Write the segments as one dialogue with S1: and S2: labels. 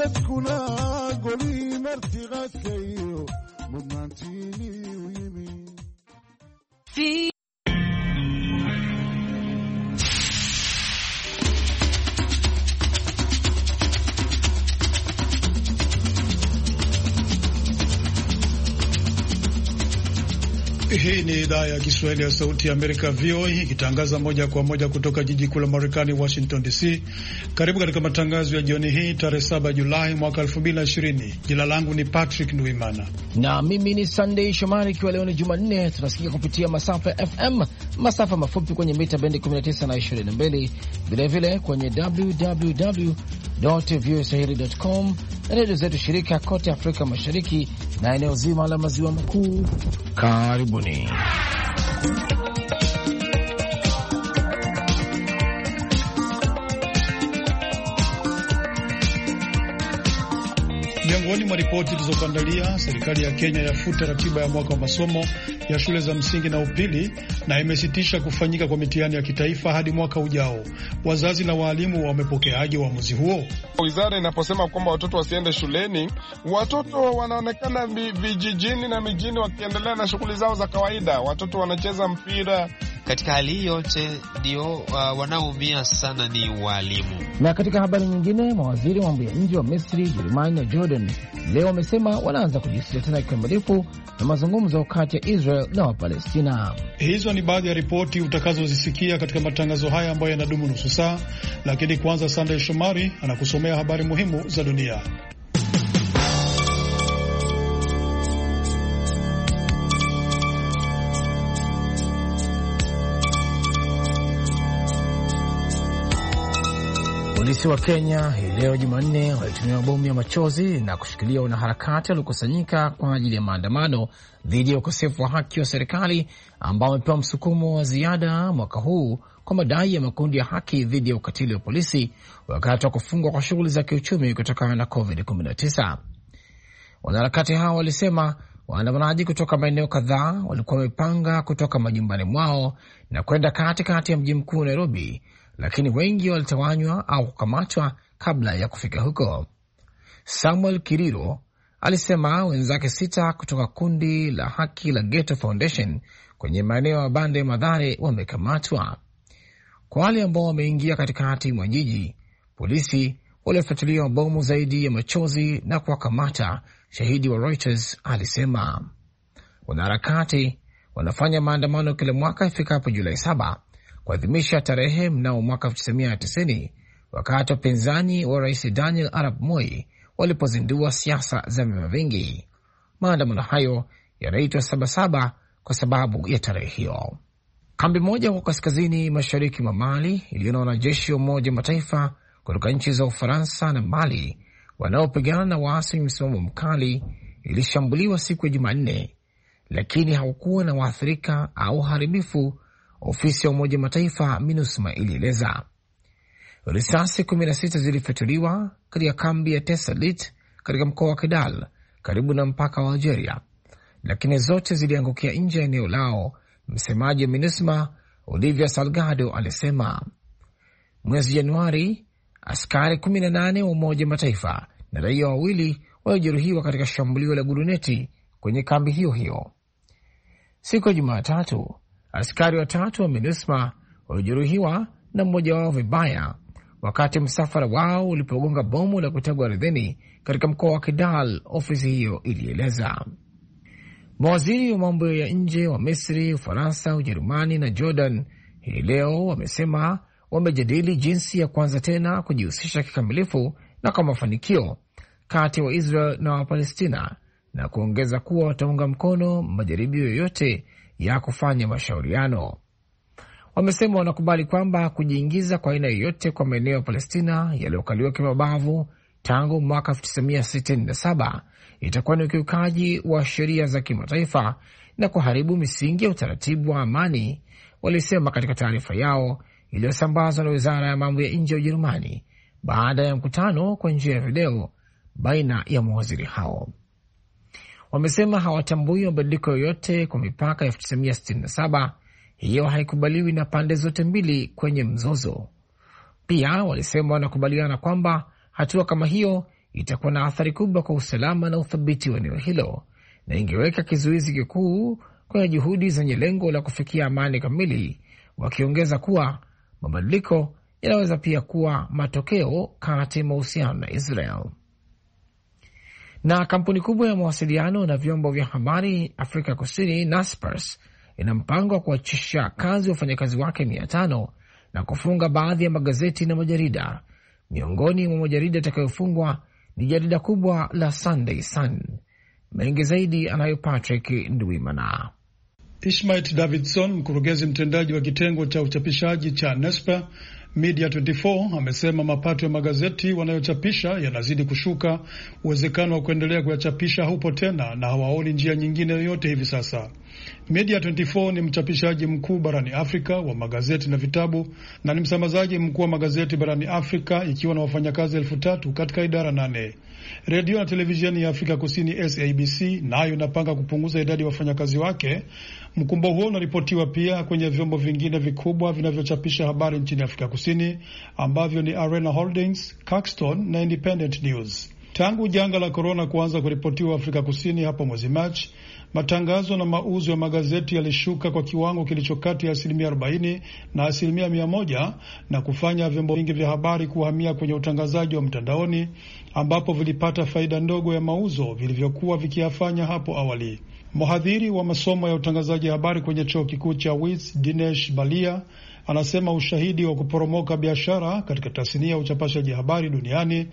S1: dadkuna golii martiqadkayo mudnaantiiniyuu yimi idhaa ya Kiswahili ya Sauti ya Amerika, VOA, ikitangaza moja kwa moja kutoka jiji kuu la Marekani, Washington DC. Karibu katika matangazo ya jioni hii tarehe 7 Julai mwaka 2020. Jina langu ni Patrick Nduimana
S2: na mimi ni Sandei Shomari. Ikiwa leo ni Jumanne, tunasikia kupitia masafa ya FM, masafa mafupi kwenye mita bendi 19 na 22, vilevile kwenye www redio zetu shirika kote Afrika Mashariki na eneo zima la maziwa makuu. Karibuni.
S1: Miongoni mwa ripoti tulizokuandalia, serikali ya Kenya yafuta ratiba ya mwaka wa masomo ya shule za msingi na upili na imesitisha kufanyika kwa mitihani ya kitaifa hadi mwaka ujao. Wazazi na waalimu wamepokeaje uamuzi huo? Wizara inaposema kwamba watoto wasiende shuleni, watoto wanaonekana vijijini
S3: na mijini wakiendelea na shughuli zao za kawaida. Watoto wanacheza mpira katika hali hii
S4: yote ndio uh, wanaoumia sana ni waalimu.
S2: Na katika habari nyingine, mawaziri wa mambo ya nje wa Misri, jerumani na Jordan leo wamesema wanaanza kujihusisha tena kikamilifu na mazungumzo kati ya Israel na Wapalestina.
S1: Hizo ni baadhi ya ripoti utakazozisikia katika matangazo haya ambayo yanadumu nusu saa, lakini kwanza, Sandey Shomari anakusomea habari muhimu za dunia.
S2: Polisi wa Kenya hii leo Jumanne walitumia mabomu ya machozi na kushikilia wanaharakati waliokusanyika kwa ajili ya maandamano dhidi ya ukosefu wa haki wa serikali ambao wamepewa msukumo wa ziada mwaka huu kwa madai ya makundi ya haki dhidi ya ukatili wa polisi wakati wa kufungwa kwa shughuli za kiuchumi kutokana na COVID-19. Wanaharakati hao walisema waandamanaji kutoka maeneo kadhaa walikuwa wamepanga kutoka majumbani mwao na kwenda katikati ya mji mkuu Nairobi lakini wengi walitawanywa au kukamatwa kabla ya kufika huko. Samuel Kiriro alisema wenzake sita kutoka kundi la haki la Ghetto Foundation kwenye maeneo ya Bande Madhare wamekamatwa. Kwa wale ambao wameingia katikati mwa jiji, polisi waliofuatilia mabomu zaidi ya machozi na kuwakamata, shahidi wa Reuters alisema. Wanaharakati wanafanya maandamano kila mwaka ifikapo Julai saba kuadhimisha tarehe mnamo mwaka 1990 wakati wapinzani wa rais Daniel Arap Moi walipozindua siasa za vyama vingi. Maandamano hayo yanaitwa Sabasaba kwa sababu ya tarehe hiyo. Kambi moja kwa kaskazini mashariki mwa Mali iliyo na wanajeshi wa Umoja Mataifa kutoka nchi za Ufaransa na Mali wanaopigana na waasi wenye msimamo mkali ilishambuliwa siku ya Jumanne, lakini hakukuwa na waathirika au uharibifu ofisi ya Umoja Mataifa MINUSMA ilieleza. Risasi 16 zilifyatuliwa katika kambi ya Tesalit katika mkoa wa Kidal karibu na mpaka wa Algeria, lakini zote ziliangukia nje ya eneo lao. Msemaji wa MINUSMA Olivia Salgado alisema mwezi Januari askari 18 wa Umoja Mataifa na raia wawili waliojeruhiwa katika shambulio la guruneti kwenye kambi hiyo hiyo. Siku ya Jumatatu, Askari watatu wa MINUSMA walijeruhiwa na mmoja wao vibaya wakati msafara wao ulipogonga bomu la kutegwa ardhini katika mkoa wa Kidal, ofisi hiyo ilieleza. Mawaziri wa mambo ya nje wa Misri, Ufaransa, Ujerumani na Jordan hii leo wamesema wamejadili jinsi ya kuanza tena kujihusisha kikamilifu na kwa mafanikio kati ya Waisrael na Wapalestina na kuongeza kuwa wataunga mkono majaribio yoyote ya kufanya mashauriano. Wamesema wanakubali kwamba kujiingiza kwa aina yoyote kwa maeneo ya Palestina yaliyokaliwa kimabavu tangu mwaka 1967 itakuwa ni ukiukaji wa sheria za kimataifa na kuharibu misingi ya utaratibu wa amani, walisema katika taarifa yao iliyosambazwa na wizara ya mambo ya nje ya Ujerumani baada ya mkutano kwa njia ya video baina ya mawaziri hao wamesema hawatambui mabadiliko yoyote kwa mipaka ya 1967. Hiyo haikubaliwi na pande zote mbili kwenye mzozo. Pia walisema wanakubaliana kwamba hatua kama hiyo itakuwa na athari kubwa kwa usalama na uthabiti wa eneo hilo na ingeweka kizuizi kikuu kwenye juhudi zenye lengo la kufikia amani kamili, wakiongeza kuwa mabadiliko yanaweza pia kuwa matokeo kati ya mahusiano na Israel. Na kampuni kubwa ya mawasiliano na vyombo vya habari Afrika Kusini, Naspers, ina mpango wa kuachisha kazi wafanyakazi wake mia tano na kufunga baadhi ya magazeti na majarida. Miongoni mwa majarida yatakayofungwa ni jarida kubwa la Sunday Sun. Mengi zaidi anayo Patrick Ndwimana.
S1: Ishmait Davidson, mkurugenzi mtendaji wa kitengo cha uchapishaji cha Naspa, Media 24 amesema mapato ya magazeti wanayochapisha yanazidi kushuka. Uwezekano wa kuendelea kuyachapisha haupo tena na hawaoni njia nyingine yoyote hivi sasa. Media 24 ni mchapishaji mkuu barani Afrika wa magazeti na vitabu na ni msambazaji mkuu wa magazeti barani Afrika ikiwa na wafanyakazi elfu tatu katika idara nane. Redio na televisheni ya Afrika Kusini SABC nayo na inapanga kupunguza idadi ya wafanyakazi wake Mkumbo huo unaripotiwa pia kwenye vyombo vingine vikubwa vinavyochapisha habari nchini Afrika Kusini ambavyo ni Arena Holdings, Caxton na Independent News. Tangu janga la korona kuanza kuripotiwa Afrika Kusini hapo mwezi Machi, matangazo na mauzo ya magazeti yalishuka kwa kiwango kilicho kati ya asilimia 40 na asilimia 1 na kufanya vyombo vingi vya habari kuhamia kwenye utangazaji wa mtandaoni ambapo vilipata faida ndogo ya mauzo vilivyokuwa vikiyafanya hapo awali. Mhadhiri wa masomo ya utangazaji habari kwenye chuo kikuu cha Wits Dinesh Balia anasema ushahidi wa kuporomoka biashara katika tasnia ya uchapashaji habari duniani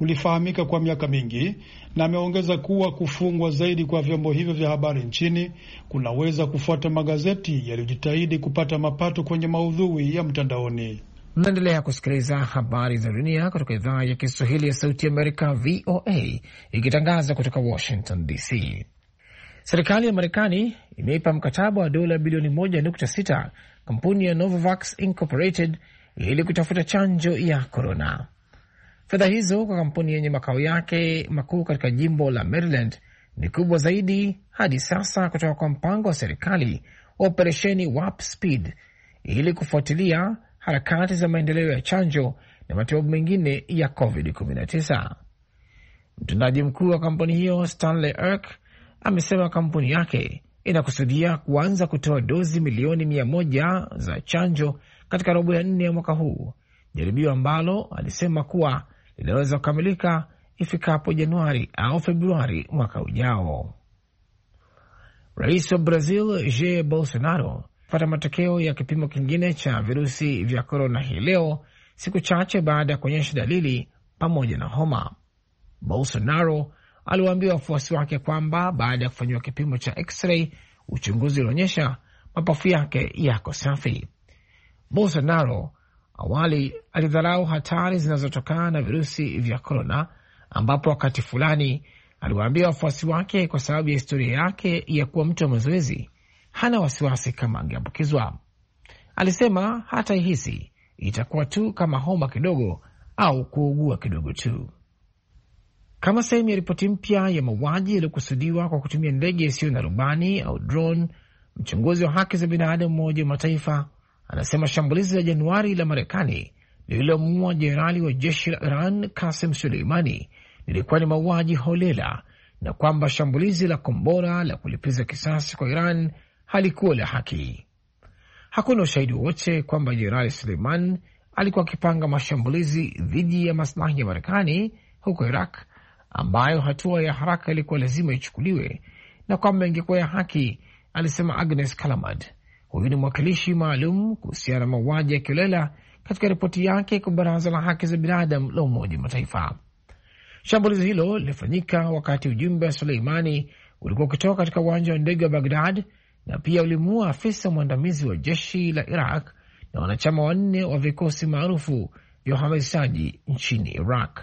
S1: ulifahamika kwa miaka mingi, na ameongeza kuwa kufungwa zaidi kwa vyombo hivyo vya habari nchini kunaweza kufuata magazeti yaliyojitahidi kupata mapato kwenye maudhui ya mtandaoni.
S2: Mnaendelea kusikiliza habari za dunia kutoka idhaa ya Kiswahili ya Sauti ya Amerika, VOA, ikitangaza kutoka Washington DC. Serikali ya Marekani imeipa mkataba wa dola bilioni 1.6 kampuni ya Novavax Incorporated ili kutafuta chanjo ya korona. Fedha hizo kwa kampuni yenye makao yake makuu katika jimbo la Maryland ni kubwa zaidi hadi sasa kutoka kwa mpango wa serikali wa operesheni Warp Speed ili kufuatilia harakati za maendeleo ya chanjo na matibabu mengine ya COVID-19. Mtendaji mkuu wa kampuni hiyo Stanley Erk amesema kampuni yake inakusudia kuanza kutoa dozi milioni mia moja za chanjo katika robo ya nne ya mwaka huu, jaribio ambalo alisema kuwa linaweza kukamilika ifikapo Januari au Februari mwaka ujao. Rais wa Brazil Jair Bolsonaro pata matokeo ya kipimo kingine cha virusi vya korona hii leo, siku chache baada ya kuonyesha dalili pamoja na homa. Bolsonaro aliwaambia wafuasi wake kwamba baada ya kufanyiwa kipimo cha x-ray uchunguzi ulionyesha mapafu yake yako safi. Bolsonaro awali alidharau hatari zinazotokana na virusi vya korona, ambapo wakati fulani aliwaambia wafuasi wake kwa sababu ya historia yake ya kuwa mtu wa mazoezi hana wasiwasi kama angeambukizwa. Alisema hata ihisi itakuwa tu kama homa kidogo au kuugua kidogo tu kama sehemu ya ripoti mpya ya mauaji yaliyokusudiwa kwa kutumia ndege isiyo na rubani au drone. Mchunguzi wa haki za binadamu Umoja wa Mataifa anasema shambulizi la Januari la Marekani lililomuua jenerali wa jeshi la Iran Kasim Suleimani lilikuwa ni mauaji holela na kwamba shambulizi la kombora la kulipiza kisasi kwa Iran halikuwa la haki. Hakuna ushahidi wowote kwamba jenerali Suleiman alikuwa akipanga mashambulizi dhidi ya maslahi ya Marekani huko Iraq ambayo hatua ya haraka ilikuwa lazima ichukuliwe na kwamba ingekuwa ya haki, alisema Agnes kalamad Huyu ni mwakilishi maalum kuhusiana na mauaji ya kiolela katika ripoti yake kwa Baraza la Haki za Binadamu la Umoja wa Mataifa. Shambulizi hilo lilifanyika wakati ujumbe wa Suleimani ulikuwa ukitoka katika uwanja wa ndege wa Bagdad na pia ulimuua afisa mwandamizi wa jeshi la Iraq na wanachama wanne wa vikosi maarufu vya uhamasishaji nchini Iraq.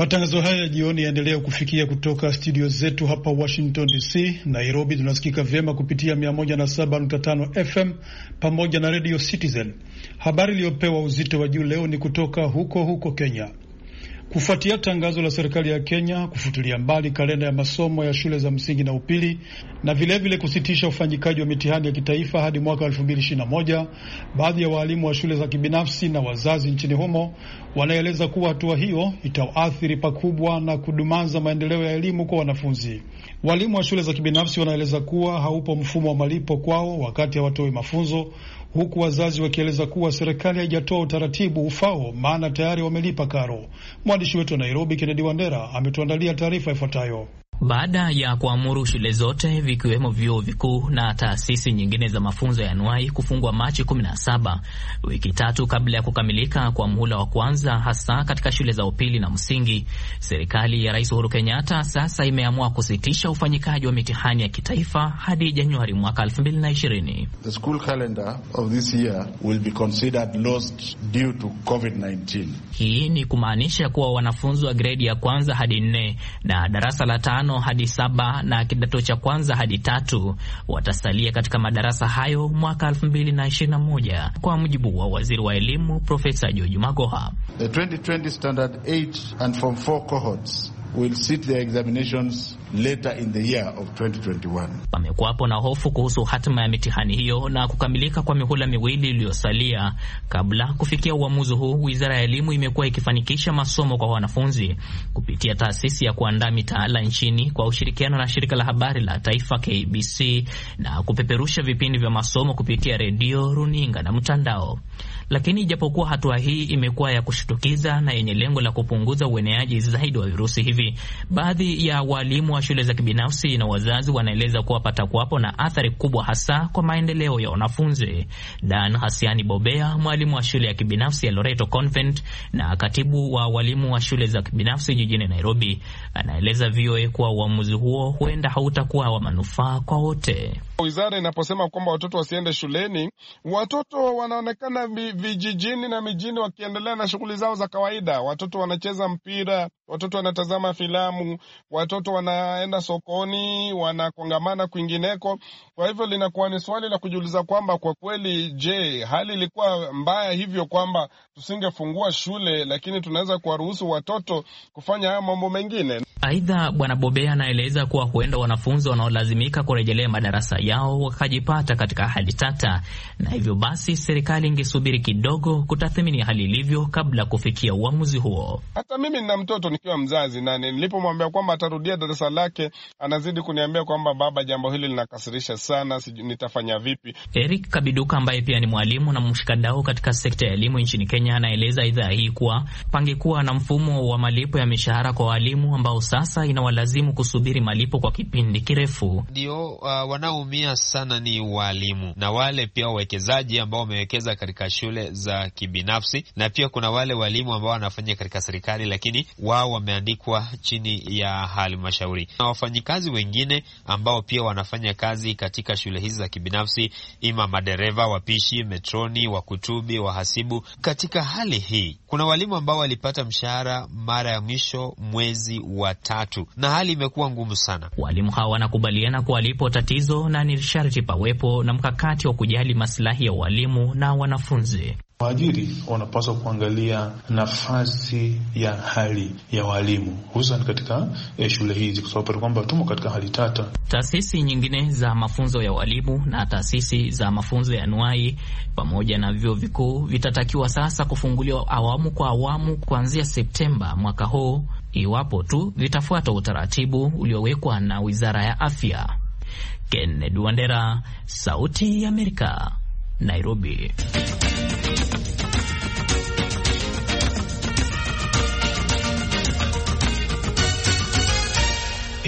S1: Matangazo haya ya jioni yaendelea kufikia kutoka studio zetu hapa Washington DC. Nairobi tunasikika vyema kupitia 107.5 FM pamoja na Radio Citizen. Habari iliyopewa uzito wa juu leo ni kutoka huko huko Kenya kufuatia tangazo la serikali ya Kenya kufutilia mbali kalenda ya masomo ya shule za msingi na upili na vilevile vile kusitisha ufanyikaji wa mitihani ya kitaifa hadi mwaka 2021. Baadhi ya waalimu wa shule za kibinafsi na wazazi nchini humo wanaeleza kuwa hatua hiyo itaathiri pakubwa na kudumaza maendeleo ya elimu kwa wanafunzi. Walimu wa shule za kibinafsi wanaeleza kuwa haupo mfumo wa malipo kwao wakati hawatoi mafunzo huku wazazi wakieleza kuwa serikali haijatoa utaratibu ufao, maana tayari wamelipa karo. Mwandishi wetu wa Nairobi, Kennedi Wandera, ametuandalia taarifa ifuatayo
S4: baada ya kuamuru shule zote vikiwemo vyuo vikuu na taasisi nyingine za mafunzo ya anuai kufungwa Machi 17, wiki tatu kabla ya kukamilika kwa muhula wa kwanza, hasa katika shule za upili na msingi, serikali ya Rais Uhuru Kenyatta sasa imeamua kusitisha ufanyikaji wa mitihani ya kitaifa hadi Januari mwaka 2020.
S3: The school calendar of this year will be considered lost due to COVID-19.
S4: Hii ni kumaanisha kuwa wanafunzi wa gredi ya kwanza hadi nne na darasa la tano tano hadi saba na kidato cha kwanza hadi tatu watasalia katika madarasa hayo mwaka elfu mbili na ishirini na moja kwa mujibu wa waziri wa elimu Profesa George Magoha.
S1: The 2020 standard 8 and form 4 cohorts will sit their examinations later in the year of 2021.
S4: Pamekuwapo na hofu kuhusu hatima ya mitihani hiyo na kukamilika kwa mihula miwili iliyosalia kabla kufikia uamuzi huu. Wizara ya Elimu imekuwa ikifanikisha masomo kwa wanafunzi kupitia taasisi ya kuandaa mitaala nchini kwa ushirikiano na shirika la habari la taifa KBC na kupeperusha vipindi vya masomo kupitia redio, runinga na mtandao. Lakini ijapokuwa hatua hii imekuwa ya kushtukiza na yenye lengo la kupunguza ueneaji zaidi wa virusi hivi, baadhi ya waalimu wa shule za kibinafsi na wazazi wanaeleza kuwa patakuwapo na athari kubwa, hasa kwa maendeleo ya wanafunzi. Dan Hasiani Bobea, mwalimu wa shule ya kibinafsi ya Loreto Convent na katibu wa walimu wa shule za kibinafsi jijini Nairobi, anaeleza VOA kuwa uamuzi huo huenda hautakuwa wa manufaa kwa wote.
S3: Wizara inaposema kwamba watoto wasiende shuleni, watoto wanaonekana vijijini na mijini wakiendelea na shughuli zao za kawaida. Watoto wanacheza mpira watoto wanatazama filamu, watoto wanaenda sokoni, wanakongamana kwingineko. Kwa hivyo linakuwa ni swali la kujiuliza kwamba kwa kweli, je, hali ilikuwa mbaya hivyo kwamba tusingefungua shule, lakini tunaweza kuwaruhusu watoto kufanya haya mambo mengine?
S4: Aidha, Bwana Bobea anaeleza kuwa huenda wanafunzi wanaolazimika kurejelea madarasa yao wakajipata katika hali tata, na hivyo basi serikali ingesubiri kidogo kutathmini hali ilivyo kabla kufikia uamuzi huo.
S3: Hata mimi nina mtoto nikiwa mzazi, na nilipomwambia kwamba atarudia darasa lake, anazidi kuniambia kwamba baba, jambo hili linakasirisha sana,
S4: sijui nitafanya vipi. Eric Kabiduka ambaye pia ni mwalimu na mshikadau katika sekta ya elimu nchini Kenya anaeleza idhaa hii kuwa pangekuwa na mfumo wa malipo ya mishahara kwa walimu ambao sasa inawalazimu kusubiri malipo kwa kipindi kirefu. Ndio uh, wanaoumia sana ni walimu na wale pia wawekezaji ambao wamewekeza katika shule za kibinafsi, na pia kuna wale walimu ambao wanafanya katika serikali, lakini wao ambao wameandikwa chini ya halmashauri na wafanyikazi wengine ambao pia wanafanya kazi katika shule hizi za kibinafsi, ima madereva, wapishi, metroni, wakutubi, wahasibu. Katika hali hii, kuna walimu ambao walipata mshahara mara ya mwisho mwezi wa tatu, na hali imekuwa ngumu sana. Walimu hawa wanakubaliana kuwa lipo tatizo na ni sharti pawepo na mkakati wa kujali masilahi ya walimu na wanafunzi.
S1: Waajiri wanapaswa kuangalia nafasi ya hali ya walimu hususan katika eh, shule hizi kwa sababu kwamba tumo katika hali tata.
S4: Taasisi nyingine za mafunzo ya walimu na taasisi za mafunzo ya nuai pamoja na vyuo vikuu vitatakiwa sasa kufunguliwa awamu kwa awamu kuanzia Septemba mwaka huu iwapo tu vitafuata utaratibu uliowekwa na Wizara ya Afya. Kennedy Wandera, Sauti ya Amerika, Nairobi.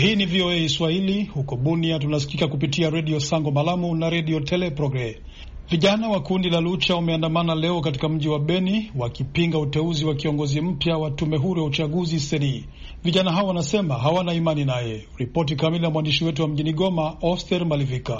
S1: Hii ni VOA Swahili. Huko Bunia tunasikika kupitia redio Sango Malamu na redio Teleprogre. Vijana wa kundi la Lucha wameandamana leo katika mji wa Beni wakipinga uteuzi wa kiongozi mpya wa tume huru ya uchaguzi seni. Vijana hao wanasema hawana imani naye. Ripoti kamili ya mwandishi wetu wa mjini Goma, Oster Malivika.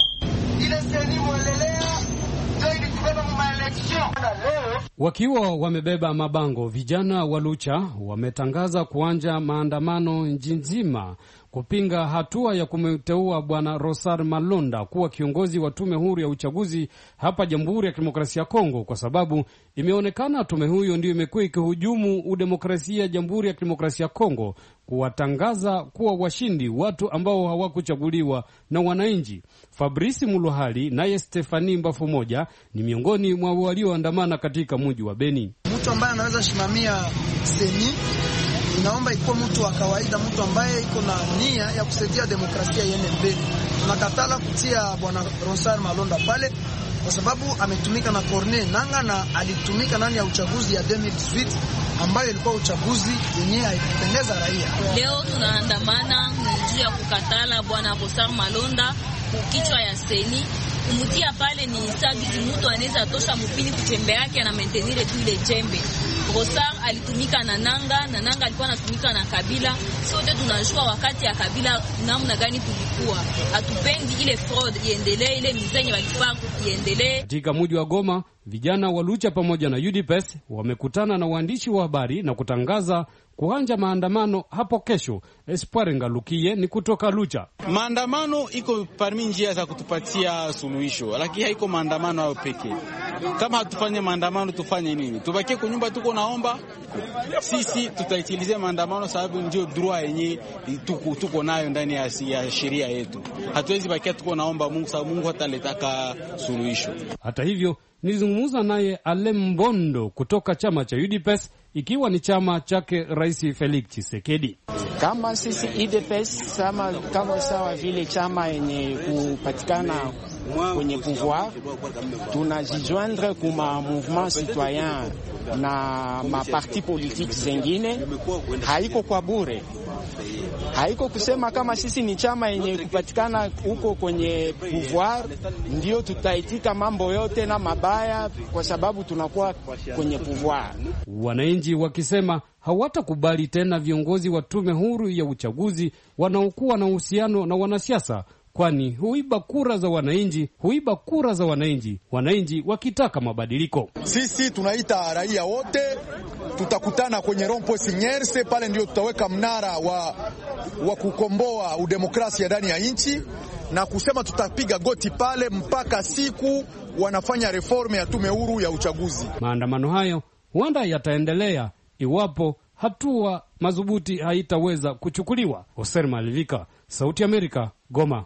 S1: Wakiwa
S5: wamebeba mabango, vijana wa Lucha wametangaza kuanja maandamano nchi nzima kupinga hatua ya kumteua bwana Rosar Malonda kuwa kiongozi wa tume huru ya uchaguzi hapa Jamhuri ya Kidemokrasia ya Kongo, kwa sababu imeonekana tume huyo ndiyo imekuwa ikihujumu udemokrasia ya Jamhuri ya Kidemokrasia ya Kongo, kuwatangaza kuwa washindi watu ambao hawakuchaguliwa na wananchi. fabrisi Muluhali naye Stefani Mbafu moja ni miongoni mwa walioandamana katika mji wa Beni.
S6: Mtu ambaye anaweza simamia seni inaomba ikuwe mtu wa kawaida, mtu ambaye iko na nia ya kusaidia demokrasia iende mbele. Tunakatala kutia bwana Rosar Malonda pale kwa sababu ametumika na Corne Nanga na alitumika ndani ya uchaguzi
S1: ya 2018 ambayo ilikuwa uchaguzi yenye haikupendeza raia. Leo
S7: tunaandamana juu ya kukatala bwana Rosar Malonda kukichwa ya seni kumutia pale, ni sabiti mtu anaweza tosha mupini kutembea yake ana maintenire tu ile jembe Rosar alitumika na Nanga na Nanga alikuwa anatumika na Kabila. Sote tunajua wakati ya Kabila namna gani tulikuwa hatupendi ile fraud iendelee, ile mizenye walifaa iendelee.
S5: Katika mji wa Goma, vijana wa Lucha pamoja na UDPS wamekutana na waandishi wa habari na kutangaza kuanja maandamano hapo kesho. Espoir Ngalukie ni kutoka Lucha. Maandamano iko parmi njia za kutupatia suluhisho, lakini haiko maandamano hayo pekee. Kama hatufanye maandamano, tufanye nini? Tubakie nyumba, tuko na tunaomba sisi tutaitilizia maandamano sababu ndio droit yenye tuko, tuko nayo ndani ya, ya sheria yetu. Hatuwezi bakia tuko naomba Mungu sababu Mungu hataletaka suluhisho. Hata hivyo nilizungumza naye Alem Mbondo kutoka chama cha UDPS ikiwa ni chama chake Rais Felix Tshisekedi. Kama
S3: sisi UDPS kama sawa vile chama yenye kupatikana kwenye pouvoir, tunajijoindre kuma mouvement citoyen na maparti politiki zengine. Haiko kwa bure, haiko kusema kama sisi ni chama yenye kupatikana huko kwenye pouvoir ndio tutaitika mambo yote na mabaya, kwa sababu tunakuwa kwenye pouvoir.
S5: Wananchi wakisema hawatakubali tena viongozi wa tume huru ya uchaguzi wanaokuwa na uhusiano na wanasiasa kwani huiba kura za wananchi, huiba kura za wananchi, wananchi wakitaka mabadiliko.
S1: Sisi tunaita raia wote, tutakutana kwenye rompo sinyerse pale, ndio tutaweka mnara wa, wa kukomboa udemokrasia ndani ya nchi na kusema tutapiga goti pale mpaka siku wanafanya reforme ya tume huru ya uchaguzi.
S5: Maandamano hayo huenda yataendelea iwapo hatua madhubuti haitaweza kuchukuliwa. Hoser Malivika, Sauti ya Amerika, Goma.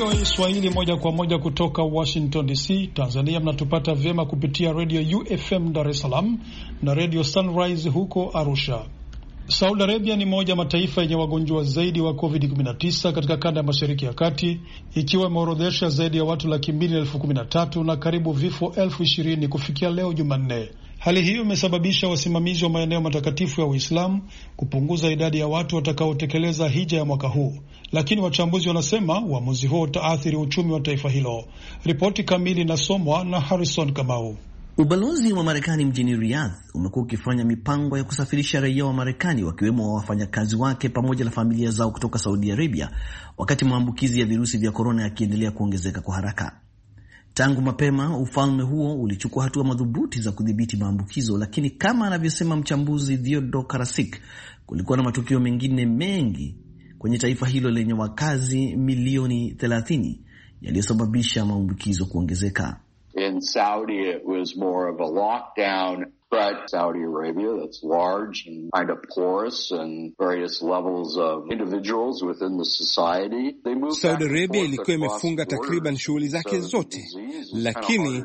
S1: VOA Swahili moja kwa moja kutoka Washington DC. Tanzania mnatupata vyema kupitia redio UFM Dar es Salaam na redio Sunrise huko Arusha. Saudi Arabia ni moja mataifa yenye wagonjwa zaidi wa COVID-19 katika kanda ya mashariki ya kati, ikiwa imeorodhesha zaidi ya watu laki mbili na elfu kumi na tatu na karibu vifo elfu ishirini kufikia leo Jumanne. Hali hiyo imesababisha wasimamizi wa maeneo matakatifu ya Uislamu kupunguza idadi ya watu watakaotekeleza hija ya mwaka huu, lakini wachambuzi wanasema uamuzi huo utaathiri uchumi wa taifa hilo. Ripoti kamili inasomwa na Harrison Kamau. Ubalozi wa Marekani mjini Riyadh umekuwa ukifanya mipango ya
S6: kusafirisha raia wa Marekani wakiwemo wa wafanyakazi wake pamoja na familia zao kutoka Saudi Arabia wakati maambukizi ya virusi vya korona yakiendelea kuongezeka kwa haraka. Tangu mapema ufalme huo ulichukua hatua madhubuti za kudhibiti maambukizo, lakini kama anavyosema mchambuzi Theodor Karasik, kulikuwa na matukio mengine mengi kwenye taifa hilo lenye wakazi milioni 30 yaliyosababisha maambukizo kuongezeka.
S1: In
S8: Saudi, it was more of a lockdown spread Saudi Arabia that's large
S5: and kind of porous and various levels of individuals within the society.
S1: They Saudi Arabia ilikuwa imefunga takriban shughuli zake zote, lakini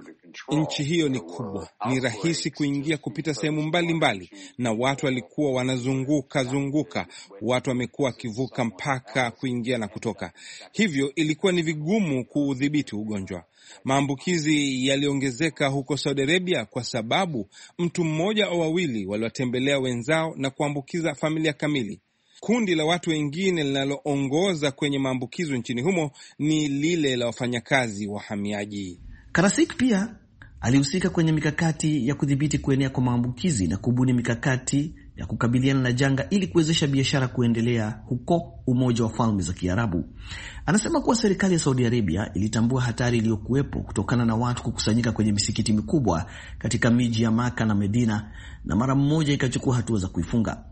S3: Nchi hiyo ni kubwa, ni rahisi kuingia kupita sehemu mbalimbali, na watu walikuwa wanazunguka zunguka, watu wamekuwa wakivuka mpaka kuingia na kutoka, hivyo ilikuwa ni vigumu kuudhibiti ugonjwa. Maambukizi yaliongezeka huko Saudi Arabia kwa sababu mtu mmoja au wawili waliwatembelea wenzao na kuambukiza familia kamili. Kundi la watu wengine linaloongoza kwenye maambukizo nchini humo ni lile la wafanyakazi wahamiaji.
S6: Karasik pia alihusika kwenye mikakati ya kudhibiti kuenea kwa maambukizi na kubuni mikakati ya kukabiliana na janga ili kuwezesha biashara kuendelea huko Umoja wa Falme za Kiarabu. Anasema kuwa serikali ya Saudi Arabia ilitambua hatari iliyokuwepo kutokana na watu kukusanyika kwenye misikiti mikubwa katika miji ya Maka na Medina na mara mmoja ikachukua hatua za kuifunga.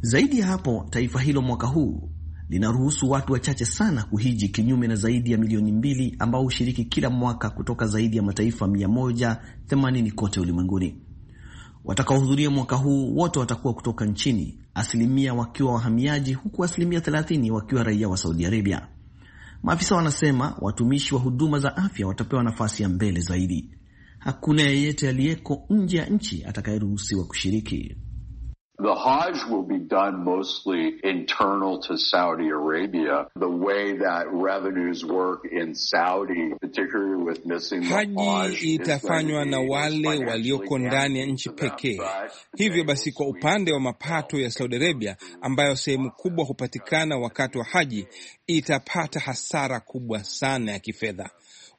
S6: Zaidi ya hapo, taifa hilo mwaka huu linaruhusu watu wachache sana kuhiji, kinyume na zaidi ya milioni mbili ambao hushiriki kila mwaka kutoka zaidi ya mataifa 180 kote ulimwenguni. Watakaohudhuria mwaka huu wote watakuwa kutoka nchini, asilimia wakiwa wahamiaji, huku asilimia 30 wakiwa raia wa Saudi Arabia. Maafisa wanasema watumishi wa huduma za afya watapewa nafasi ya mbele zaidi. Hakuna yeyote aliyeko nje ya nchi atakayeruhusiwa kushiriki.
S8: The Hajj will be done mostly internal to Saudi Arabia. The way that revenues work in Saudi, particularly with missing
S5: Haji
S3: itafanywa na wale walioko ndani ya nchi pekee. Hivyo basi, kwa upande wa mapato ya Saudi Arabia ambayo sehemu kubwa hupatikana wakati wa Haji, itapata hasara kubwa sana ya kifedha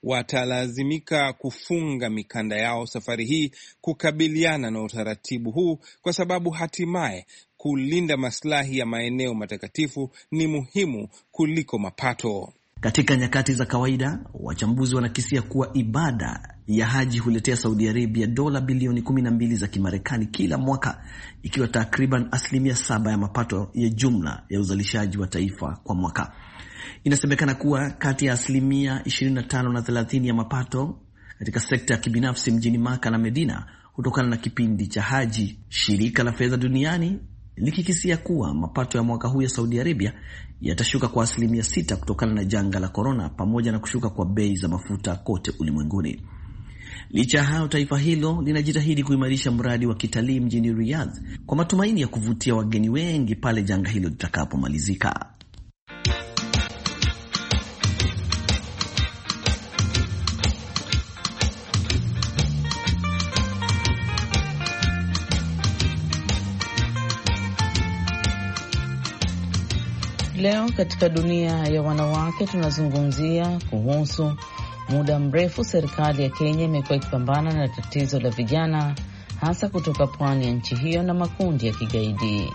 S3: watalazimika kufunga mikanda yao safari hii kukabiliana na utaratibu huu, kwa sababu hatimaye kulinda masilahi ya maeneo matakatifu ni muhimu kuliko
S6: mapato. Katika nyakati za kawaida, wachambuzi wanakisia kuwa ibada ya haji huletea Saudi Arabia dola bilioni 12 za Kimarekani kila mwaka, ikiwa takriban asilimia saba ya mapato ya jumla ya uzalishaji wa taifa kwa mwaka. Inasemekana kuwa kati ya asilimia 25 na 30 ya mapato katika sekta ya kibinafsi mjini Maka na Medina kutokana na kipindi cha haji, shirika la fedha duniani likikisia kuwa mapato ya mwaka huu ya Saudi Arabia yatashuka kwa asilimia sita kutokana na janga la korona pamoja na kushuka kwa bei za mafuta kote ulimwenguni. Licha ya hayo, taifa hilo linajitahidi kuimarisha mradi wa kitalii mjini Riyadh kwa matumaini ya kuvutia wageni wengi pale janga hilo litakapomalizika.
S8: leo katika dunia ya wanawake tunazungumzia kuhusu muda mrefu serikali ya Kenya imekuwa ikipambana na tatizo la vijana hasa kutoka pwani ya nchi hiyo na makundi ya kigaidi.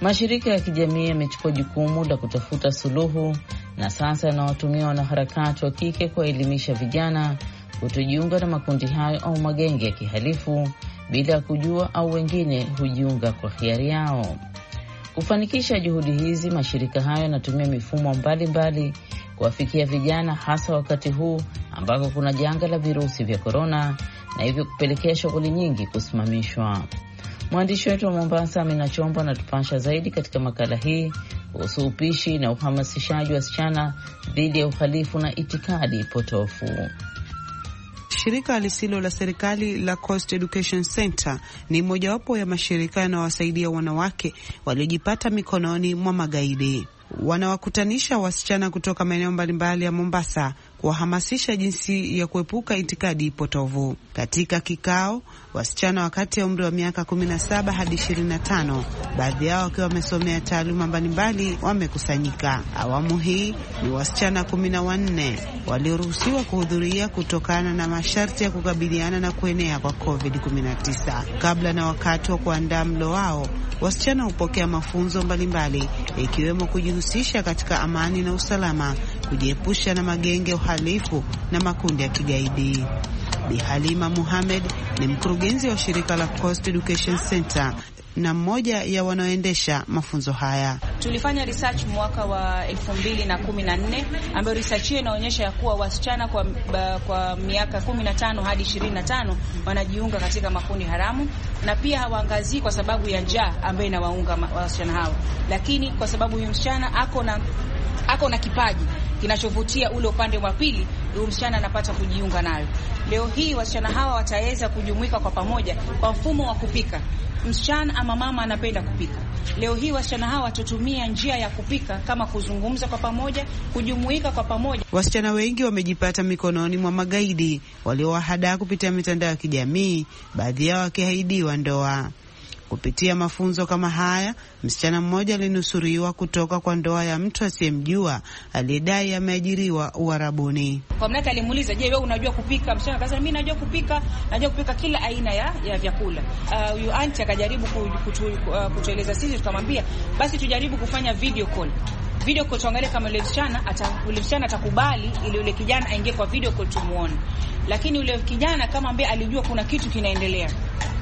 S8: Mashirika ya kijamii yamechukua jukumu la kutafuta suluhu na sasa yanawatumia wanaharakati wa kike kuwaelimisha vijana kutojiunga na makundi hayo au magenge ya kihalifu bila ya kujua, au wengine hujiunga kwa hiari yao. Kufanikisha juhudi hizi, mashirika hayo yanatumia mifumo mbalimbali kuwafikia vijana, hasa wakati huu ambako kuna janga la virusi vya korona na hivyo kupelekea shughuli nyingi kusimamishwa. Mwandishi wetu wa Mombasa, Amina Chombo, anatupasha zaidi katika makala hii kuhusu upishi na uhamasishaji wa wasichana dhidi ya uhalifu na itikadi potofu. Shirika lisilo la serikali la Coast Education Center ni mojawapo ya mashirika yanawasaidia wanawake waliojipata mikononi mwa magaidi. Wanawakutanisha wasichana kutoka maeneo mbalimbali ya Mombasa kuwahamasisha jinsi ya kuepuka itikadi potovu. Katika kikao, wasichana wa kati ya umri wa miaka 17 hadi 25, baadhi yao wakiwa wamesomea taaluma mbalimbali, wamekusanyika. Awamu hii ni wasichana 14 walioruhusiwa kuhudhuria kutokana na masharti ya kukabiliana na kuenea kwa COVID-19. Kabla na wakati wa kuandaa mlo wao, wasichana hupokea mafunzo mbalimbali, ikiwemo kujihusisha katika amani na usalama, kujiepusha na magenge uhalifu na makundi ya kigaidi. Bi Halima Muhamed ni mkurugenzi wa shirika la Coast Education Center na mmoja ya wanaoendesha mafunzo haya.
S7: Tulifanya research mwaka wa 2014 ambayo research hiyo inaonyesha ya kuwa wasichana kwa, kwa miaka 15 hadi 25 wanajiunga katika makundi haramu, na pia hawaangazii kwa sababu ya njaa ambayo inawaunga wasichana hao, lakini kwa sababu huyu msichana ako na ako na kipaji kinachovutia ule upande wa pili, huyu msichana anapata kujiunga nayo. Leo hii wasichana hawa wataweza kujumuika kwa pamoja kwa mfumo wa kupika. Msichana ama mama anapenda kupika. Leo hii wasichana hawa watatumia njia ya kupika kama kuzungumza kwa pamoja, kujumuika kwa pamoja.
S8: Wasichana wengi wamejipata mikononi mwa magaidi waliowahadaa kupitia mitandao ya kijamii, baadhi yao wakiahidiwa ndoa. Kupitia mafunzo kama haya, msichana mmoja alinusuriwa kutoka kwa ndoa ya mtu asiyemjua aliyedai ameajiriwa Uarabuni.
S7: Kwa mnata alimuuliza, je, wewe unajua kupika? Msichana akasema mimi najua kupika, najua kupika kila aina ya, ya vyakula. Uh, huyu uh, anti akajaribu kutueleza uh, sisi tukamwambia basi tujaribu kufanya video call video call tuangalie kama yule msichana ata, yule msichana atakubali ili yule kijana aingie kwa video call tumuone. Lakini yule kijana kama ambaye alijua kuna kitu kinaendelea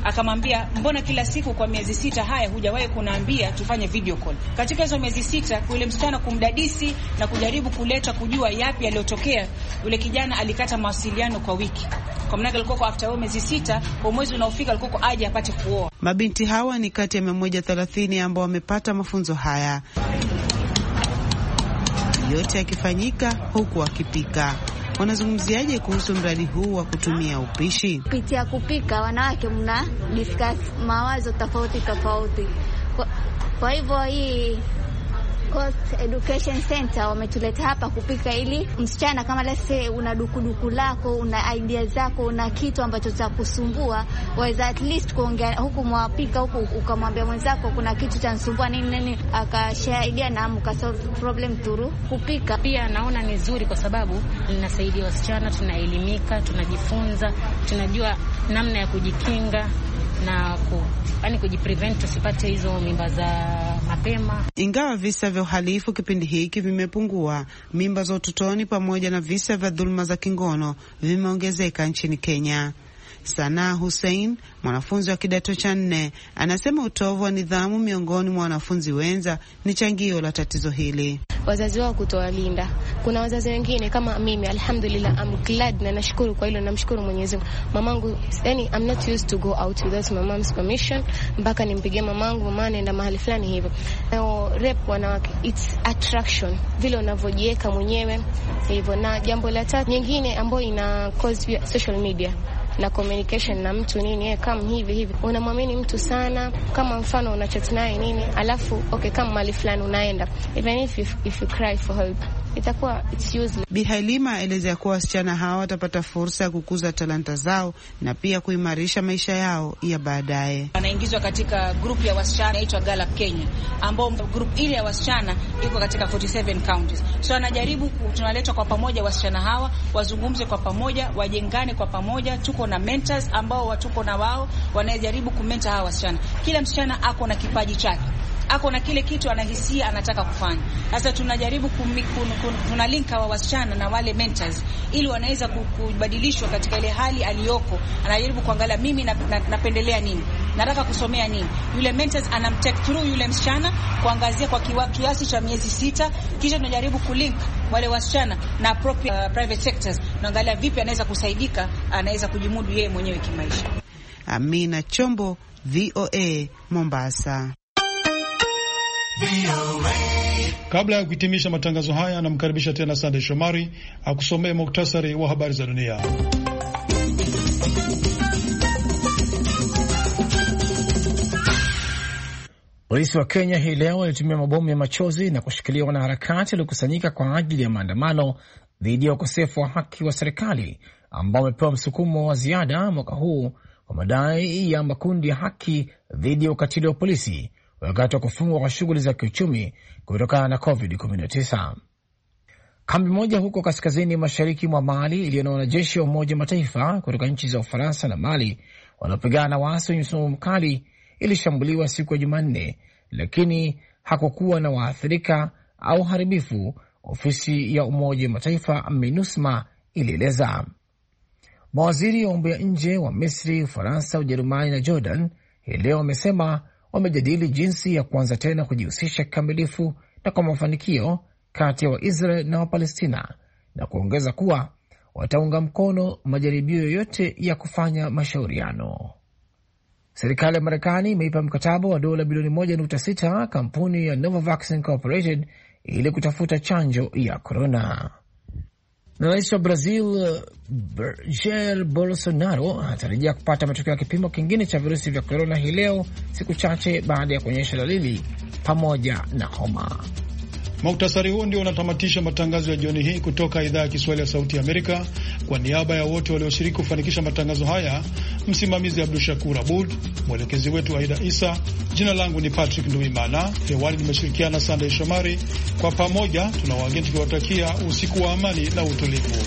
S7: akamwambia mbona kila siku kwa miezi sita haya hujawahi kunaambia tufanye video call? Katika hizo miezi sita, yule msichana kumdadisi na kujaribu kuleta kujua yapi yaliyotokea, yule kijana alikata mawasiliano kwa wiki, kwa maana alikuwa kwa after miezi sita, kwa mwezi unaofika alikuwa aje apate kuoa.
S8: Mabinti hawa ni kati ya 130 ambao wamepata mafunzo haya yote yakifanyika huku wakipika. Wanazungumziaje kuhusu mradi huu wa kutumia upishi?
S7: Kupitia kupika, wanawake mna discuss mawazo tofauti tofauti. Kwa, kwa hivyo hii Coast Education Center wametuleta hapa kupika, ili msichana kama lese una dukuduku lako, una idea zako, una kitu ambacho cha kusumbua, waweza at least kuongea huku mwapika huku, ukamwambia mwenzako kuna kitu cha nisumbua nini nini, akashaidia na solve problem turu kupika. Pia naona ni zuri kwa sababu linasaidia wasichana, tunaelimika, tunajifunza, tunajua namna ya kujikinga na ku, yani kujiprevent tusipate hizo mimba za mapema.
S8: Ingawa visa vya uhalifu kipindi hiki vimepungua, mimba za utotoni pamoja na visa vya dhuluma za kingono vimeongezeka nchini Kenya. Sana Hussein, mwanafunzi wa kidato cha nne, anasema utovu wa nidhamu miongoni mwa wanafunzi wenza ni changio la tatizo hili.
S7: Wazazi wao kutowalinda. Kuna wazazi wengine kama mimi, alhamdulillah, I'm glad na nashukuru kwa hilo, namshukuru Mwenyezi Mungu. Mamangu, yani I'm not used to go out without my mom's permission, mpaka nimpigie mamangu, mama anaenda mahali fulani hivyo. Nao rep wanawake, it's attraction, vile unavyojiweka mwenyewe hivyo. Na jambo la tatu nyingine ambayo ina cause social media na communication na mtu nini, yeye eh, kama hivi hivi, unamwamini mtu sana, kama mfano una chat naye nini, alafu okay, kama mali fulani unaenda, even if you, if you cry for help
S8: itakuwa it's useless. Bi Halima aelezea kuwa wasichana hawa watapata fursa ya kukuza talanta zao na pia kuimarisha maisha yao ya baadaye.
S7: Wanaingizwa katika grupu ya wasichana inaitwa Gallup Kenya, ambao grupu ile ya wasichana iko katika 47 counties. So anajaribu tunaletwa kwa pamoja, wasichana hawa wazungumze kwa pamoja, wajengane kwa pamoja, tuko na mentors ambao watuko na wao wanajaribu kumenta hawa wasichana. Kila msichana ako na kipaji chake ako na kile kitu anahisia anataka kufanya. Sasa tunajaribu tunalinka wa wasichana na wale mentors, ili wanaweza kubadilishwa katika ile hali aliyoko, anajaribu kuangalia mimi napendelea na, na nini nataka kusomea nini. Yule mentors anamtek through yule msichana kuangazia kwa kiwa, kiasi cha miezi sita, kisha tunajaribu kulink wale wasichana na appropriate, uh, private sectors, naangalia vipi anaweza kusaidika, anaweza kujimudu yeye mwenyewe kimaisha.
S8: Amina Chombo, VOA Mombasa.
S1: Kabla ya kuhitimisha matangazo haya, anamkaribisha tena Sande Shomari akusomee muktasari wa habari za dunia.
S2: Polisi wa Kenya hii leo walitumia mabomu ya machozi na kushikilia wanaharakati waliokusanyika kwa ajili ya maandamano dhidi ya ukosefu wa haki wa serikali ambao wamepewa msukumo wa ziada mwaka huu kwa madai ya makundi ya haki dhidi ya ukatili wa polisi wakati wa kufungwa kwa shughuli za kiuchumi kutokana na COVID-19. Kambi moja huko kaskazini mashariki mwa Mali iliyo na wanajeshi wa Umoja Mataifa kutoka nchi za Ufaransa na Mali wanaopigana na waasi wenye msimamo mkali ilishambuliwa siku ya Jumanne, lakini hakukuwa na waathirika au haribifu, ofisi ya Umoja wa Mataifa MINUSMA ilieleza. Mawaziri wa mambo ya nje wa Misri, Ufaransa, Ujerumani na Jordan hii leo wamesema wamejadili jinsi ya kuanza tena kujihusisha kikamilifu na kwa mafanikio kati ya Waisrael na Wapalestina na kuongeza kuwa wataunga mkono majaribio yoyote ya kufanya mashauriano. Serikali ya Marekani imeipa mkataba wa dola bilioni 1.6 kampuni ya Novavax Incorporated ili kutafuta chanjo ya korona. Na rais wa Brazil Jair Bolsonaro anatarajia kupata matokeo ya kipimo kingine cha virusi vya korona hii leo, siku chache baada ya kuonyesha dalili pamoja na homa.
S1: Muktasari huu ndio unatamatisha matangazo ya jioni hii kutoka idhaa ya Kiswahili ya Sauti ya Amerika. Kwa niaba ya wote walioshiriki kufanikisha matangazo haya, msimamizi Abdu Shakur Abud, mwelekezi wetu Aida Isa. Jina langu ni Patrick Nduimana, hewani nimeshirikiana Sandey Shomari. Kwa pamoja tuna wageni tukiwatakia usiku wa amani na utulivu.